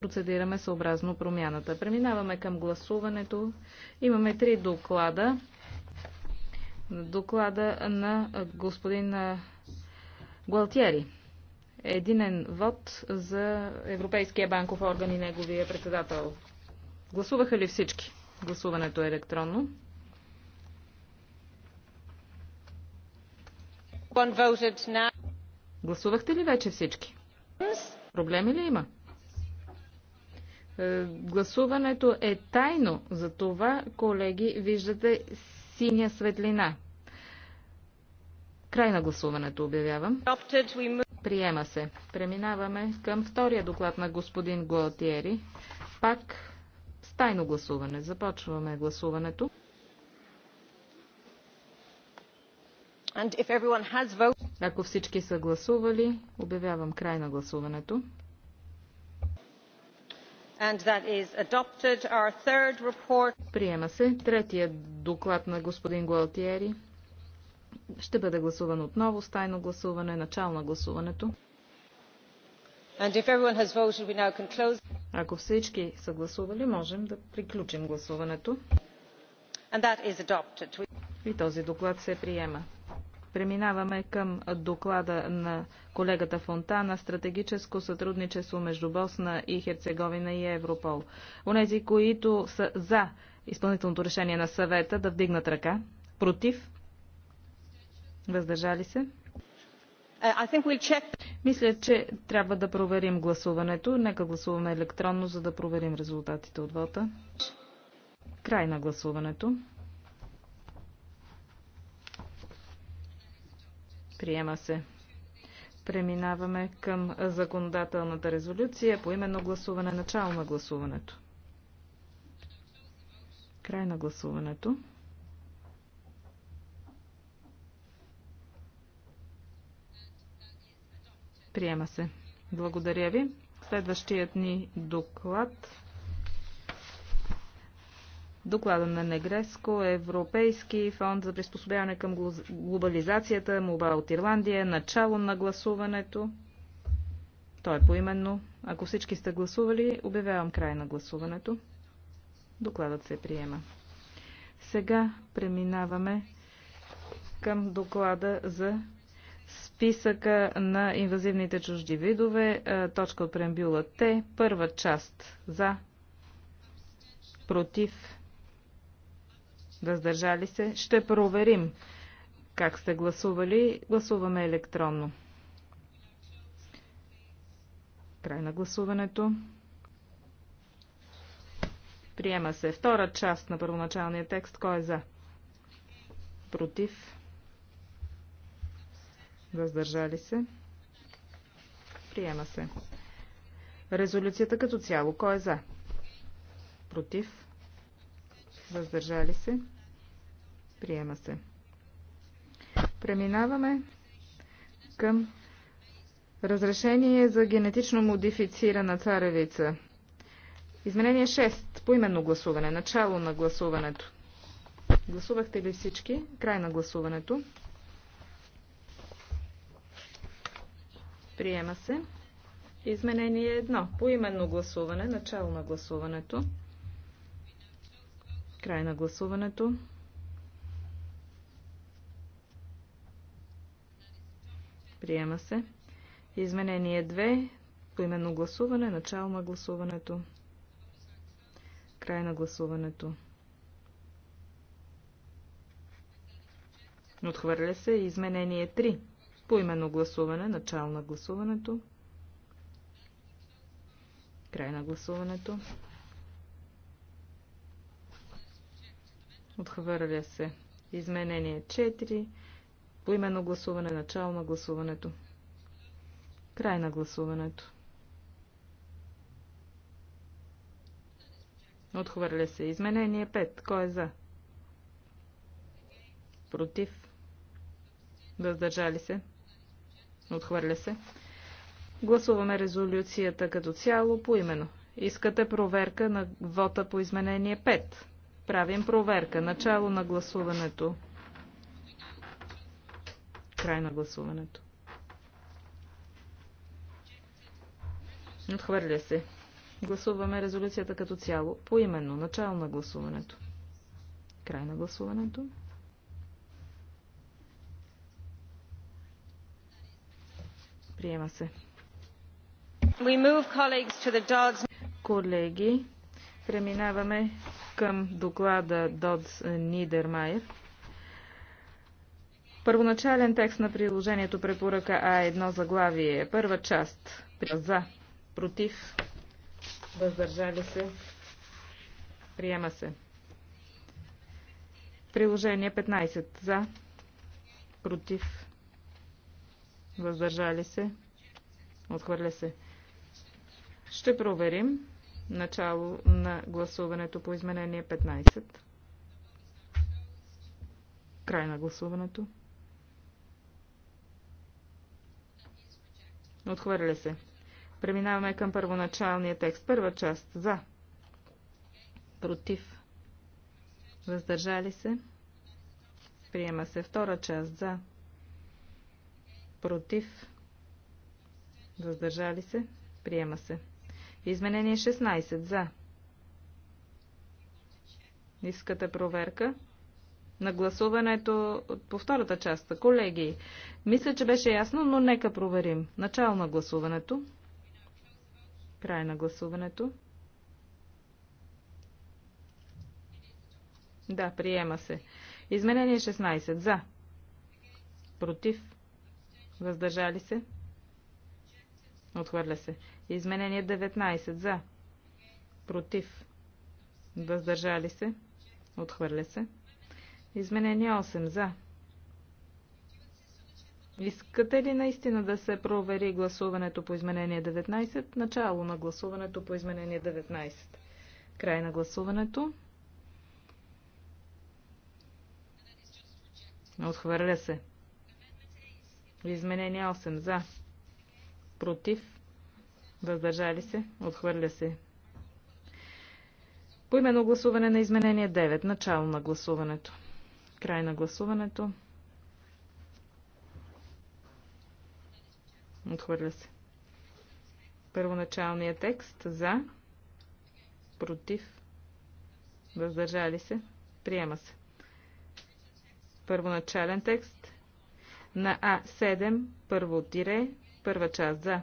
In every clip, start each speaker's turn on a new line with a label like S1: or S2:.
S1: процедираме съобразно промяната. Преминаваме към гласуването. Имаме три доклада. Доклада на господин Гуалтиери. Единен вод за Европейския банков орган и неговия председател. Гласуваха ли всички? Гласуването е електронно. Гласувахте ли вече всички? Проблеми ли има? Е, гласуването е тайно, за това, колеги, виждате синя светлина. Край на гласуването обявявам. Приема се. Преминаваме към втория доклад на господин Гуалтиери. Пак с тайно гласуване. Започваме гласуването. Ако всички са гласували, обявявам край на гласуването. Приема се. Третия доклад на господин Гуалтиери ще бъде гласуван отново с тайно гласуване, начало на гласуването. Ако всички са гласували, можем да приключим гласуването. И този доклад се приема. Преминаваме към доклада на колегата Фонтана «Стратегическо сътрудничество между Босна и Херцеговина и Европол». Онези, които са за изпълнителното решение на съвета да вдигнат ръка, против, въздържали се. Uh, we'll Мисля, че трябва да проверим гласуването. Нека гласуваме електронно, за да проверим резултатите от вота. Край на гласуването. Приема се. Преминаваме към законодателната резолюция по именно гласуване. Начало на гласуването. Край на гласуването. Приема се. Благодаря ви. Следващият ни доклад Доклада на Негреско, Европейски фонд за приспособяване към глобализацията, молба от Ирландия, начало на гласуването. Той е поименно. Ако всички сте гласували, обявявам край на гласуването. Докладът се приема. Сега преминаваме към доклада за списъка на инвазивните чужди видове, точка от преамбюла Т, първа част за, против, Въздържали се? Ще проверим как сте гласували. Гласуваме електронно. Край на гласуването. Приема се втора част на първоначалния текст. Кой е за? Против? Въздържали се? Приема се. Резолюцията като цяло. Кой е за? Против? Въздържали се? Приема се. Преминаваме към разрешение за генетично модифицирана царевица. Изменение 6. Поименно гласуване. Начало на гласуването. Гласувахте ли всички? Край на гласуването. Приема се. Изменение 1. Поименно гласуване. Начало на гласуването. Край на гласуването. Приема се. Изменение 2. Поименно гласуване. Начало на гласуването. Край на гласуването. Отхвърля се изменение 3. Поименно гласуване. Начало на гласуването. Край на гласуването. Отхвърля се изменение 4. По именно гласуване, начало на гласуването. Край на гласуването. Отхвърля се. Изменение 5. Кой е за? Против. Въздържали се. Отхвърля се. Гласуваме резолюцията като цяло по именно. Искате проверка на вота по изменение 5. Правим проверка. Начало на гласуването Край на гласуването. Отхвърля се. Гласуваме резолюцията като цяло, поименно, начало на гласуването. Край на гласуването. Приема се. Колеги, преминаваме към доклада Додс Нидермайер. Първоначален текст на приложението препоръка А1 заглавие. Първа част. За. Против. Въздържали се. Приема се. Приложение 15. За. Против. Въздържали се. Отхвърля се. Ще проверим начало на гласуването по изменение 15. Край на гласуването. Отхвърля се. Преминаваме към първоначалния текст. Първа част. За. Против. Въздържали се. Приема се втора част. За. Против. Въздържали се. Приема се. Изменение 16. За. Искате проверка? на гласуването по втората част. Колеги, мисля, че беше ясно, но нека проверим. Начало на гласуването. Край на гласуването. Да, приема се. Изменение 16. За. Против. Въздържали се. Отхвърля се. Изменение 19. За. Против. Въздържали се. Отхвърля се. Изменение 8 за. Искате ли наистина да се провери гласуването по изменение 19? Начало на гласуването по изменение 19. Край на гласуването. Отхвърля се. Изменение 8 за. Против. Въздържали се. Отхвърля се. Поименно гласуване на изменение 9. Начало на гласуването. Край на гласуването. Отхвърля се. Първоначалният текст за, против, въздържали се, приема се. Първоначален текст на А7, първо тире, първа част за,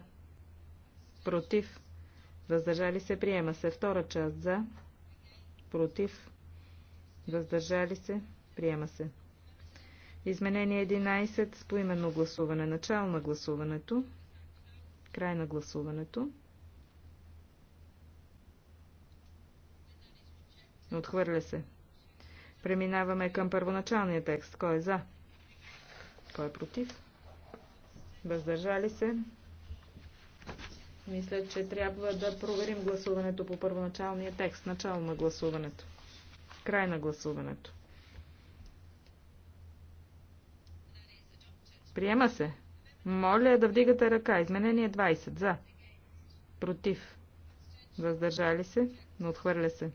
S1: против, въздържали се, приема се, втора част за, против, въздържали се, Приема се. Изменение 11 с поименно гласуване. Начало на гласуването. Край на гласуването. Отхвърля се. Преминаваме към първоначалния текст. Кой е за? Кой е против? Въздържали се? Мисля, че трябва да проверим гласуването по първоначалния текст. Начало на гласуването. Край на гласуването. Приема се. Моля да вдигате ръка. Изменение 20. За. Против. Въздържали се, но отхвърля се.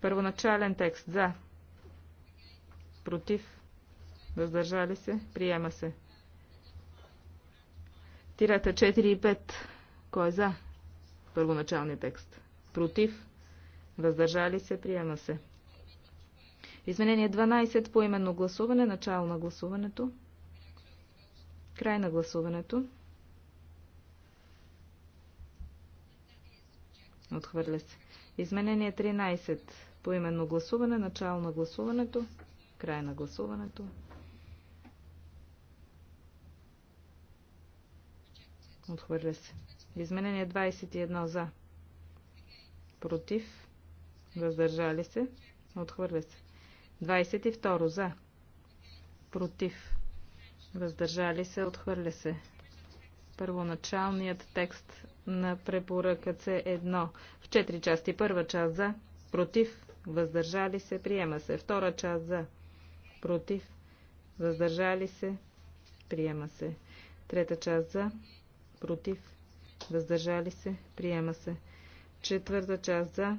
S1: Първоначален текст. За. Против. Въздържали се. Приема се. Тирата 4 и 5. Кой е за? Първоначалния текст. Против. Въздържали се. Приема се. Изменение 12 по именно гласуване. Начало на гласуването. Край на гласуването. Отхвърля се. Изменение 13. Поименно гласуване. Начало на гласуването. Край на гласуването. Отхвърля се. Изменение 21 за. Против. Въздържали се. Отхвърля се. 22 за. Против. Въздържали се, отхвърля се. Първоначалният текст на препоръка С1 в 4 части. Първа част за, против, въздържали се, приема се. Втора част за, против, въздържали се, приема се. Трета част за, против, въздържали се, приема се. Четвърта част за,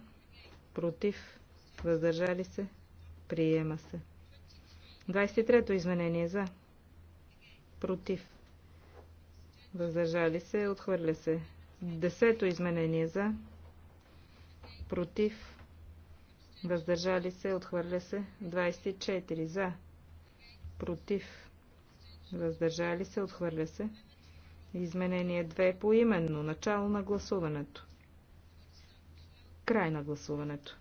S1: против, въздържали се, приема се. 23-то изменение за, против, въздържали се, отхвърля се. Десето изменение за, против, въздържали се, отхвърля се. 24 за, против, въздържали се, отхвърля се. Изменение 2 по именно начало на гласуването. Край на гласуването.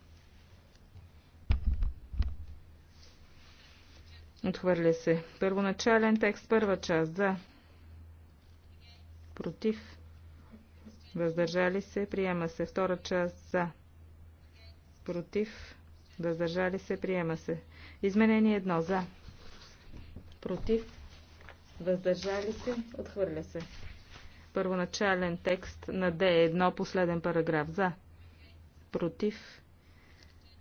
S1: Отхвърля се. Първоначален текст, първа част. За. Против. Въздържали се. Приема се. Втора част. За. Против. Въздържали се. Приема се. Изменение едно. За. Против. Въздържали се. Отхвърля се. Първоначален текст на Д1. Последен параграф. За. Против.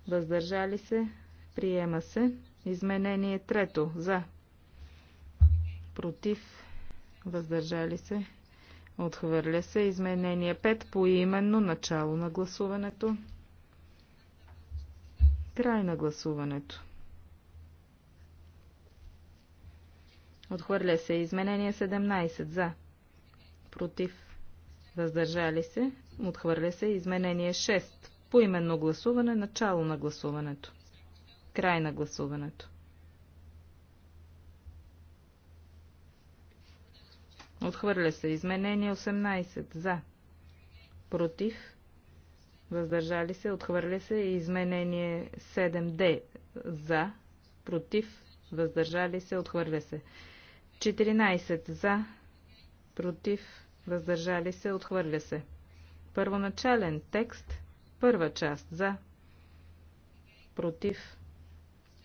S1: Въздържали се. Приема се. Изменение трето. За. Против. Въздържали се. Отхвърля се. Изменение 5 по именно начало на гласуването. Край на гласуването. Отхвърля се. Изменение 17. За. Против. Въздържали се. Отхвърля се. Изменение 6. По именно гласуване. Начало на гласуването. Край на гласуването. Отхвърля се изменение 18 за. Против. Въздържали се. Отхвърля се изменение 7D за. Против. Въздържали се. Отхвърля се. 14 за. Против. Въздържали се. Отхвърля се. Първоначален текст. Първа част за. Против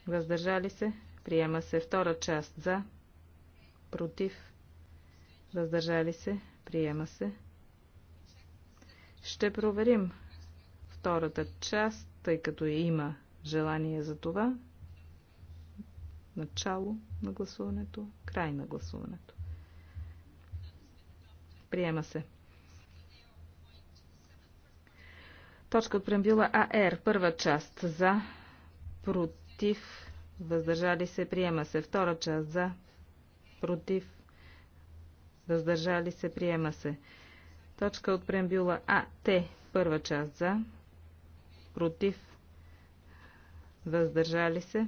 S1: въздържали се, приема се. Втора част за, против, въздържали се, приема се. Ще проверим втората част, тъй като има желание за това. Начало на гласуването, край на гласуването. Приема се. Точка от прембила АР. Първа част за, против, против, въздържали се, приема се. Втора част за, против, въздържали се, приема се. Точка от преамбюла А, Т, първа част за, против, въздържали се,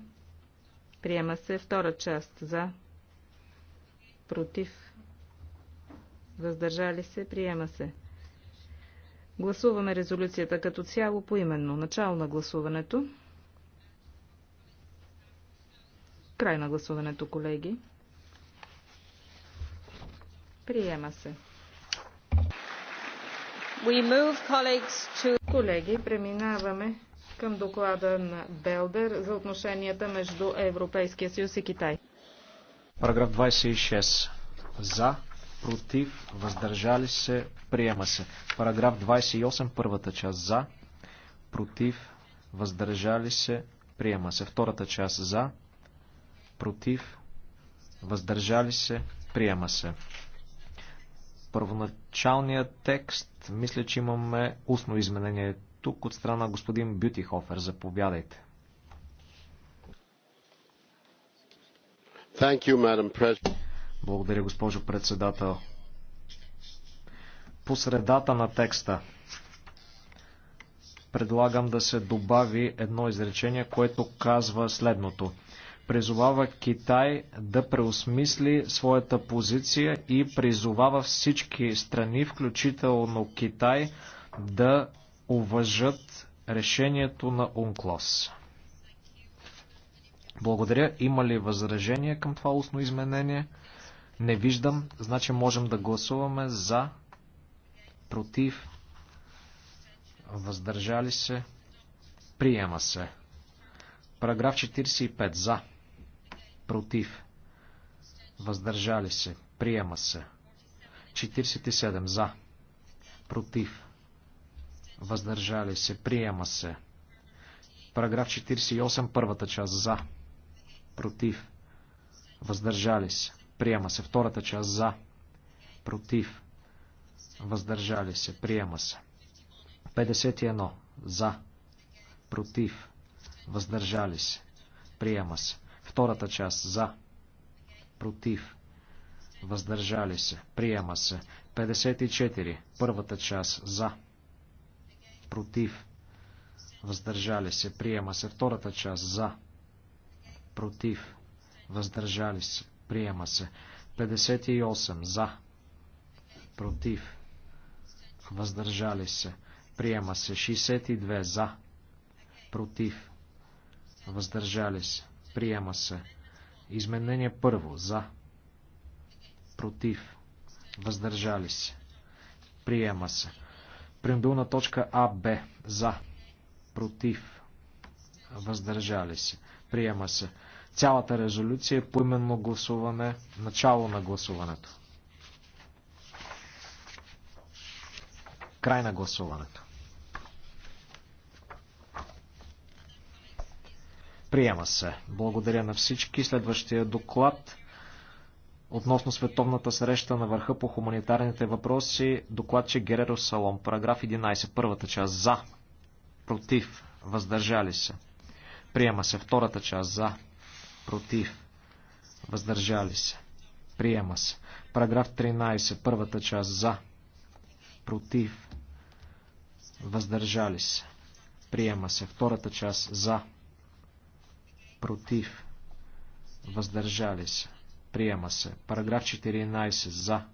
S1: приема се. Втора част за, против, въздържали се, приема се. Гласуваме резолюцията като цяло поименно. Начало на гласуването. Край на гласуването, колеги. Приема се. Move, to... Колеги, преминаваме към доклада на Белдер за отношенията между Европейския съюз и Китай.
S2: Параграф 26. За, против, въздържали се, приема се. Параграф 28, първата част. За, против, въздържали се, приема се. Втората част. За, против, въздържали се, приема се. Първоначалният текст, мисля, че имаме устно изменение тук от страна господин Бютихофер. Заповядайте. You, Благодаря, госпожо председател. По средата на текста предлагам да се добави едно изречение, което казва следното призовава Китай да преосмисли своята позиция и призовава всички страни, включително Китай, да уважат решението на УНКЛОС. Благодаря. Има ли възражение към това устно изменение? Не виждам. Значи можем да гласуваме за, против, въздържали се, приема се. Параграф 45 за против, въздържали се, приема се. 47 за, против, въздържали се, приема се. Параграф 48, първата част за, против, въздържали се, приема се. Втората част за, против, въздържали се, приема се. 51 за, против, въздържали се, приема се. Втората част за, против, въздържали се, приема се. 54. Първата част за, против, въздържали се, приема се. Втората част за, против, въздържали се, приема се. 58. За, против, въздържали се, приема се. 62. За, против, въздържали се, Приема се. Изменение първо. За. Против. Въздържали се. Приема се. Преамбилна точка А, Б. За. Против. Въздържали се. Приема се. Цялата резолюция е поименно гласуване. Начало на гласуването. Край на гласуването. Приема се. Благодаря на всички. Следващия доклад относно световната среща на върха по хуманитарните въпроси. Докладче Гереро Салон. Параграф 11. Първата част. За. Против. Въздържали се. Приема се. Втората част. За. Против. Въздържали се. Приема се. Параграф 13. Първата част. За. Против. Въздържали се. Приема се. Втората част. За против, въздържали се, приема се. Параграф 14 за,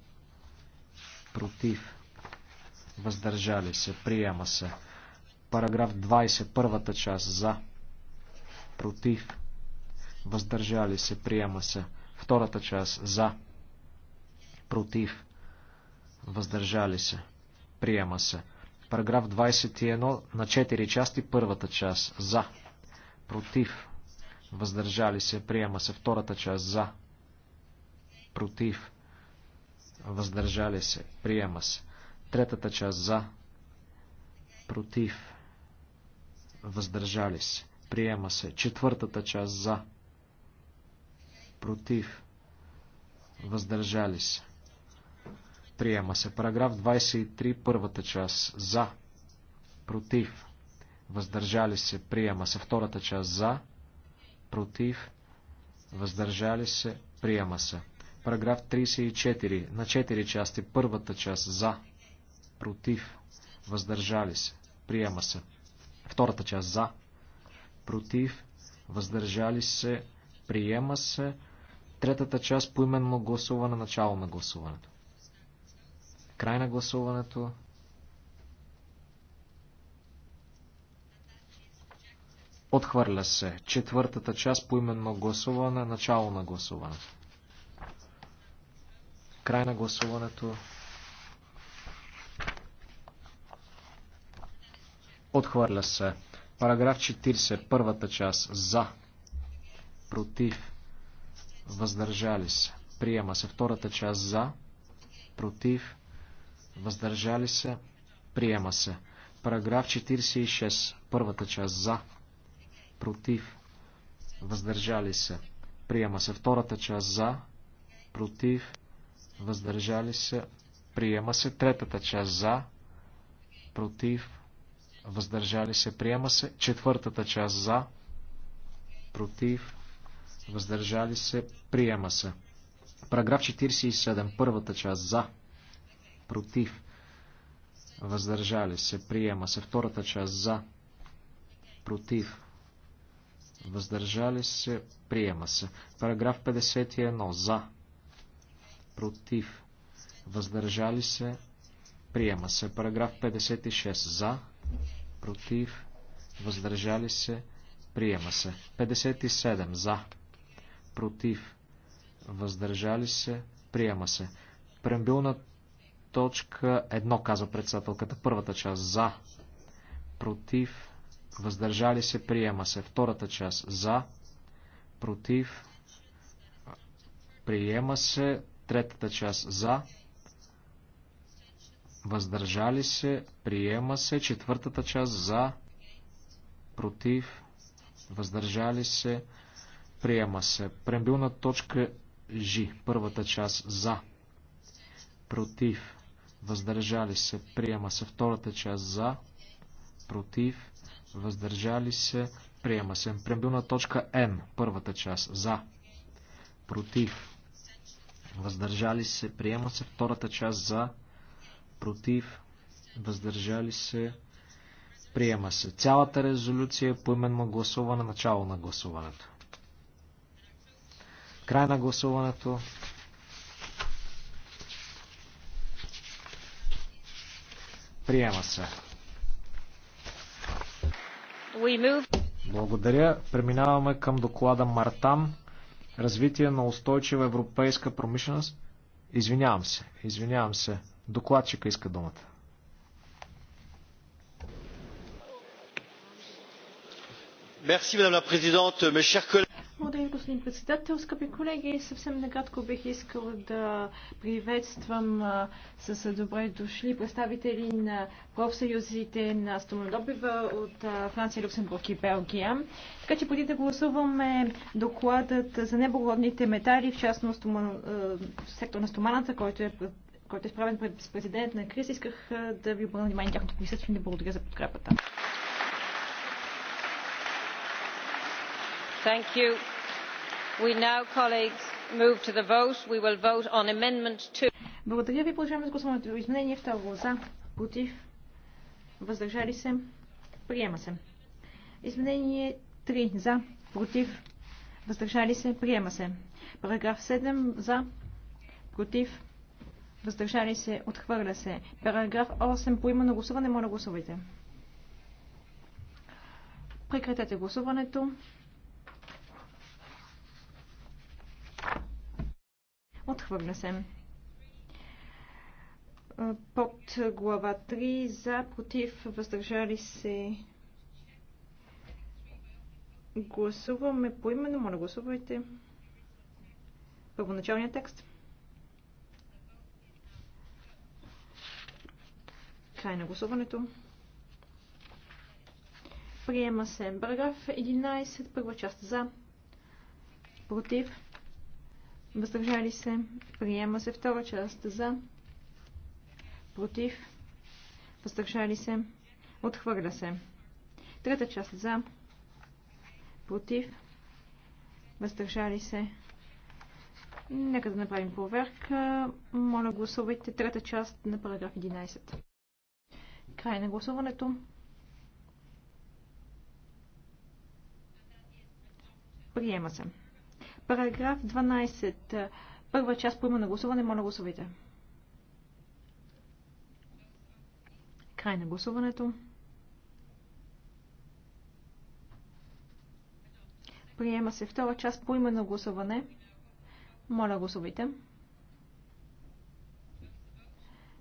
S2: против, въздържали се, приема се. Параграф 20, първата част за, против, въздържали се, приема се. Втората част за, против, въздържали се, приема се. Параграф 21 на 4 части, първата част за, против, въздържали се, приема се. Втората част за, против, въздържали се, приема се. Третата част за, против, въздържали се, приема се. Четвъртата част за, против, въздържали се. Приема се. Параграф 23, първата част. За. Против. Въздържали се. Приема се. Втората част. За против, въздържали се, приема се. Параграф 34 на 4 части, първата част за, против, въздържали се, приема се. Втората част за, против, въздържали се, приема се. Третата част по именно гласуване, начало на гласуването. Край на гласуването. Отхвърля се. Четвъртата част по именно гласуване, начало на гласуване. Край на гласуването. Отхвърля се. Параграф 40, първата част. За. Против. Въздържали се. Приема се. Втората част. За. Против. Въздържали се. Приема се. Параграф 46, първата част. За против, въздържали се. Приема се втората част за, против, въздържали се. Приема се третата част за, против, въздържали се. Приема се четвъртата част за, против, въздържали се. Приема се. Параграф 47, първата част за, против, въздържали се. Приема се втората част за, против, въздържали се, приема се. Параграф 51 за, против, въздържали се, приема се. Параграф 56 за, против, въздържали се, приема се. 57 за, против, въздържали се, приема се. Прембилна точка 1, казва председателката. Първата част за, против, въздържали се, приема се. Втората част за, против, приема се. Третата част за, въздържали се, приема се. Четвъртата част за, против, въздържали се, приема се. Прембилна точка Ж, първата част за, против, въздържали се, приема се. Втората част за, против, въздържали се, приема се. Прембилна точка М, първата част, за, против, въздържали се, приема се. Втората част, за, против, въздържали се, приема се. Цялата резолюция е поименно гласуване, начало на гласуването. Край на гласуването. Приема се. Благодаря. Преминаваме към доклада Мартан. Развитие на устойчива европейска промишленост. Извинявам се. Извинявам се. Докладчика иска думата.
S1: Merci, madame la présidente, mes chers collègues.
S3: Благодаря, господин председател. Скъпи колеги, съвсем накратко бих искал да приветствам с добре дошли представители на профсъюзите на Стомодобива от Франция, Люксембург и Белгия. Така че преди да гласуваме докладът за неблагородните метали, в частност сектор на стоманата, който е който е справен пред президент на криз, исках да ви обърна внимание тяхното присъствие и благодаря за подкрепата. thank you. we now colleagues move to the vote. we will vote on amendment two. Благодаря ви. Продължаваме с гласуването. Изменение второ. За. Против. Въздържали се. Приема се. Изменение 3. За. Против. Въздържали се. Приема се. Параграф 7. За. Против. Въздържали се. Отхвърля се. Параграф 8. По има на гласуване. Моля гласувайте. Прекратете гласуването. Отхвърля се. Под глава 3 за, против, въздържали се. Гласуваме по именно. Моля, гласувайте. Първоначалният текст. Край на гласуването. Приема се параграф 11, първа част за, против, Въздържали се. Приема се втора част за. Против. Въздържали се. Отхвърля се. Трета част за. Против. Въздържали се. Нека да направим проверка. Моля гласувайте трета част на параграф 11. Край на гласуването. Приема се. Параграф 12. Първа част по на гласуване. Моля гласувайте. Край на гласуването. Приема се втора част по на гласуване. Моля гласувайте.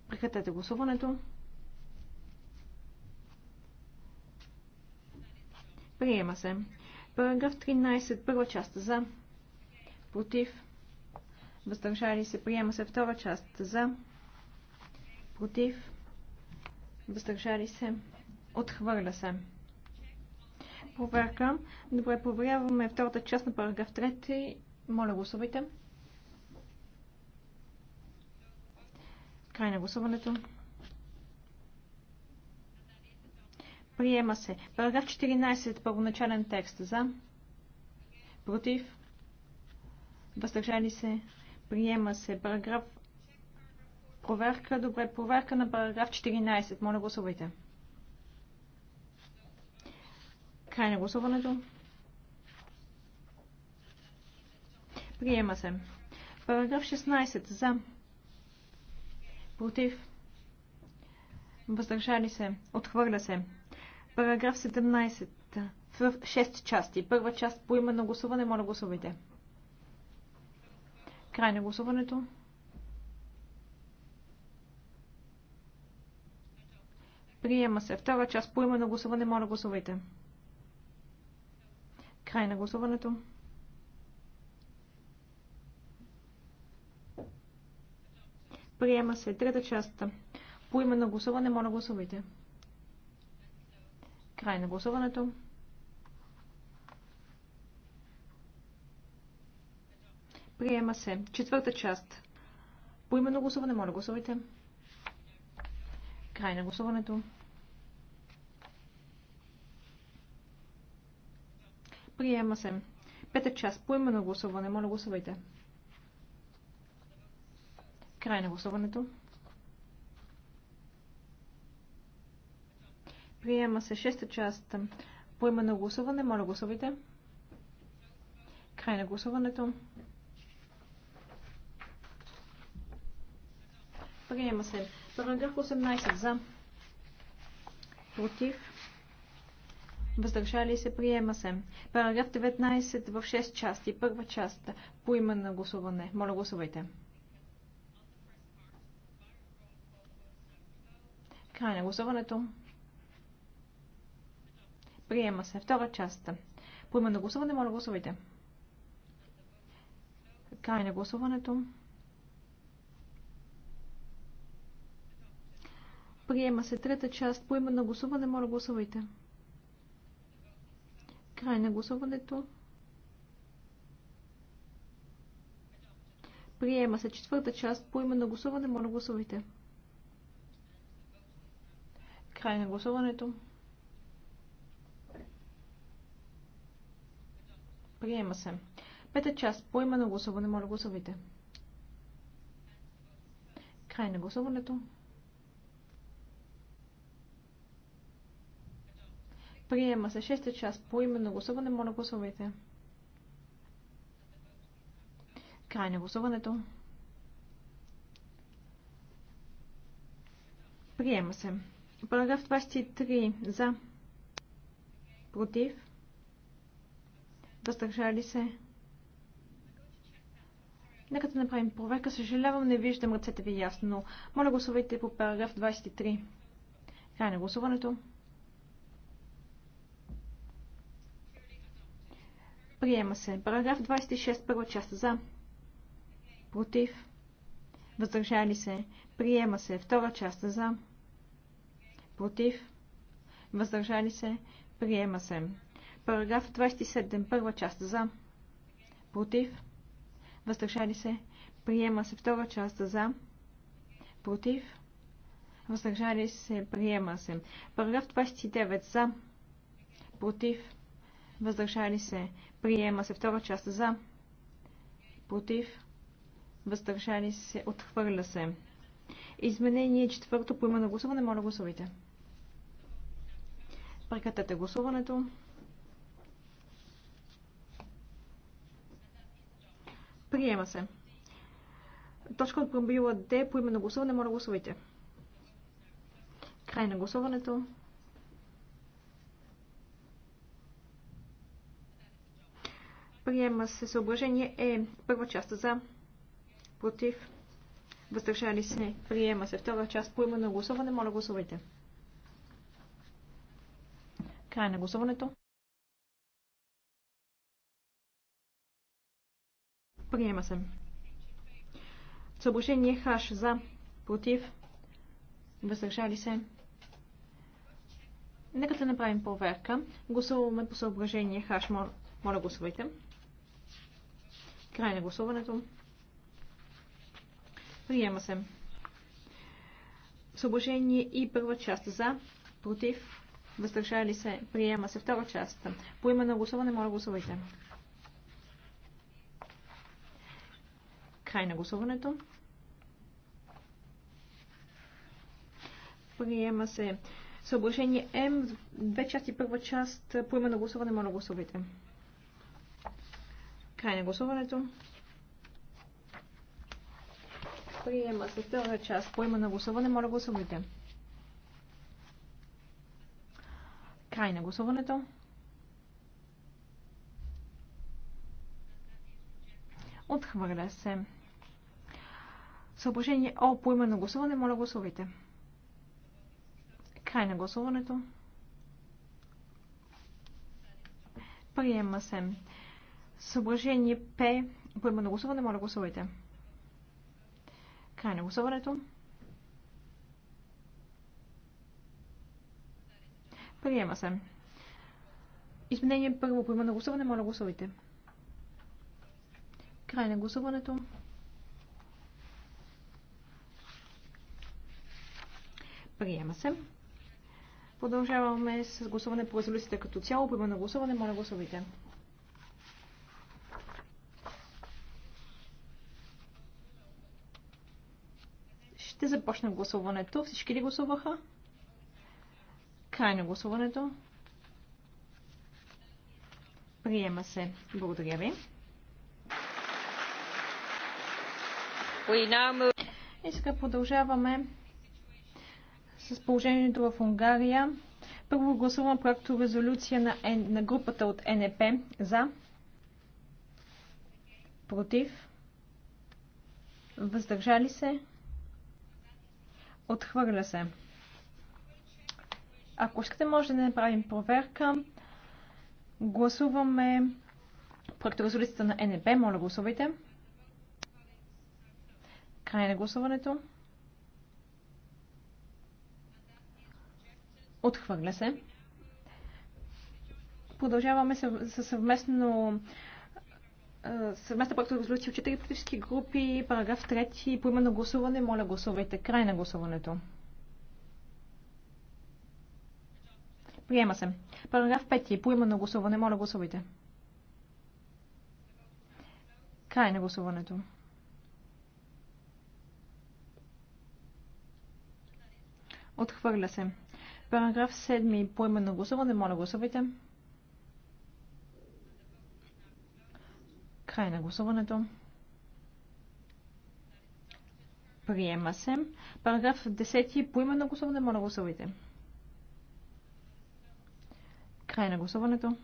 S3: Прекратете гласуването. Приема се. Параграф 13. Първа част за против, въздържали се, приема се втора част за, против, въздържали се, отхвърля се. Проверка. Добре, проверяваме втората част на параграф 3. Моля, гласувайте. Край на гласуването. Приема се. Параграф 14. Първоначален текст. За. Против въздържали се, приема се. Параграф проверка, добре, проверка на параграф 14. Моля, гласувайте. Край на гласуването. Приема се. Параграф 16. За. Против. Въздържали се. Отхвърля се. Параграф 17. В 6 части. Първа част по име на гласуване. Моля гласувайте. Край на гласуването. Приема се. Втора част по име на гласуване. Моля, гласувайте. Край на гласуването. Приема се. Трета част по име на гласуване. Моля, гласувайте. Край на гласуването. Приема се. Четвърта част. По именно гласуване, моля гласувайте. Край на гласуването. Приема се. Пета част. По именно гласуване, моля гласувайте. Край на гласуването. Приема се шеста част. По именно гласуване, моля гласувайте. Край на гласуването. Приема се. Параграф 18 за. Против. Въздържали се. Приема се. Параграф 19 в 6 части. Първа част. по име на гласуване. Моля гласувайте. Край на гласуването. Приема се. Втора част. По име на гласуване. Моля гласувайте. Край на гласуването. Приема се трета част по на гласуване. Моля гласувайте. Край на гласуването. Приема се четвърта част по на гласуване. Моля гласувайте. Край на гласуването. Приема се. Пета част по на гласуване. Моля гласувайте. Край на гласуването. Приема се 6 част по име на гласуване. Моля гласувайте. Край на гласуването. Приема се. Параграф 23 за. Против. Въздържали се. Нека да направим проверка. Съжалявам, не виждам ръцете ви ясно. Моля гласувайте по параграф 23. Край на гласуването. Приема се. Параграф 26, първа част за. Против. Въздържали се. Приема се. Втора част за. Против. Въздържали се. Приема се. Параграф 27, първа част за. Против. Въздържали се. Приема се. Втора част за. Против. Въздържали се. Приема се. Параграф 29 за. Против въздържали се, приема се втора част за, против, въздържали се, отхвърля се. Изменение четвърто по има на гласуване, моля гласувайте. Прекратете гласуването. Приема се. Точка от пробила Д по име на гласуване, моля гласувайте. Край на гласуването. Приема се съображение Е. Първа част за. Против. Въздържали се. Приема се. Втора част по на гласуване. Моля гласувайте. Край на гласуването. Приема се. Съображение Хаш за. Против. Въздържали се. Нека да направим проверка. Гласуваме по съображение Хаш. Моля, гласувайте. Край на гласуването. Приема се. Съображение и първа част за, против, въздържали се, приема се втора част. По име на гласуване, моля гласувайте. Край на гласуването. Приема се съображение М, две части, първа част, по име на гласуване, моля гласувайте. Край на гласуването. Приема се втора част. Поема на гласуване. Моля гласувайте. Край на гласуването. Отхвърля се. Съображение О по име на гласуване. Моля гласувайте. Край на гласуването. Приема се. Съображение П. Поема на гласуване. Моля, гласувайте. Край на гласуването. Приема се. Изменение първо. Поема на гласуване. Моля, гласувайте. Край на гласуването. Приема се. Продължаваме с гласуване по резолюцията като цяло. Поема на гласуване. Моля, гласувайте. Ще започнем гласуването. Всички ли гласуваха? Край на гласуването. Приема се. Благодаря ви. И сега продължаваме с положението в Унгария. Първо гласувам проекто резолюция на, е, на групата от НП за, против, въздържали се. Отхвърля се. Ако искате, може да направим проверка. Гласуваме проекторезолицията на НБ. Моля, гласувайте. Край на гласуването. Отхвърля се. Продължаваме съвместно съвместна проекта резолюция от четири политически групи, параграф 3, по на гласуване. Моля, гласувайте. Край на гласуването. Приема се. Параграф 5, по на гласуване. Моля, гласувайте. Край на гласуването. Отхвърля се. Параграф 7, по на гласуване. Моля, гласувайте. Край на гласуването. Приема се. Параграф 10. По име на гласуване, моля гласувайте. Край на гласуването.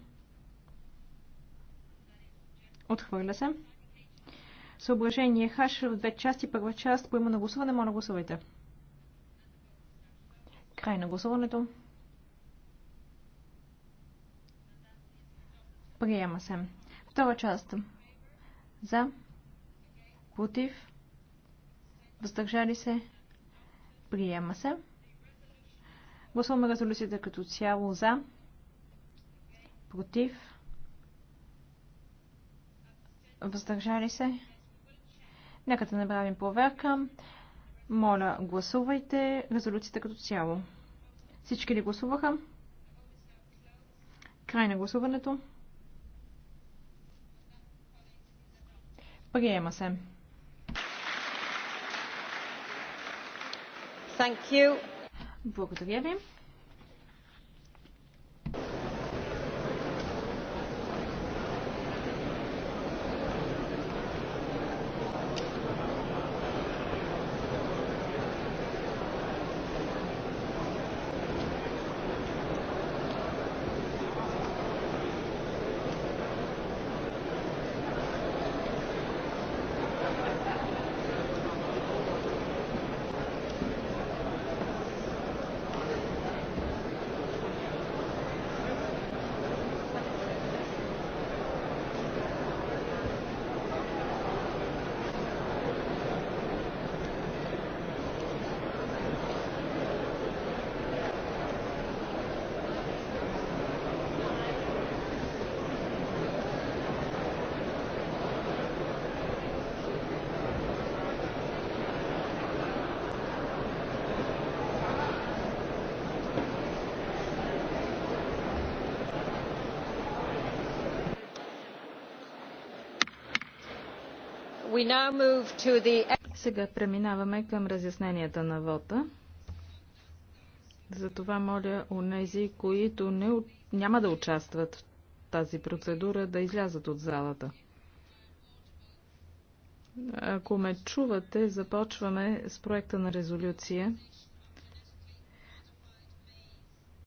S3: Отхвърля се. Съображение Хаш в две части. Първа част по на гласуване. Моля гласувайте. Край на гласуването. Приема се. Втора част. За. Против. Въздържали се. Приема се. Гласуваме резолюцията като цяло за. Против. Въздържали се. Нека да направим проверка. Моля, гласувайте резолюцията като цяло. Всички ли гласуваха? Край на гласуването. Приема се. Благодаря ви.
S1: Сега преминаваме към разясненията на вота. Затова моля онези, които не, няма да участват в тази процедура, да излязат от залата. Ако ме чувате, започваме с проекта на резолюция.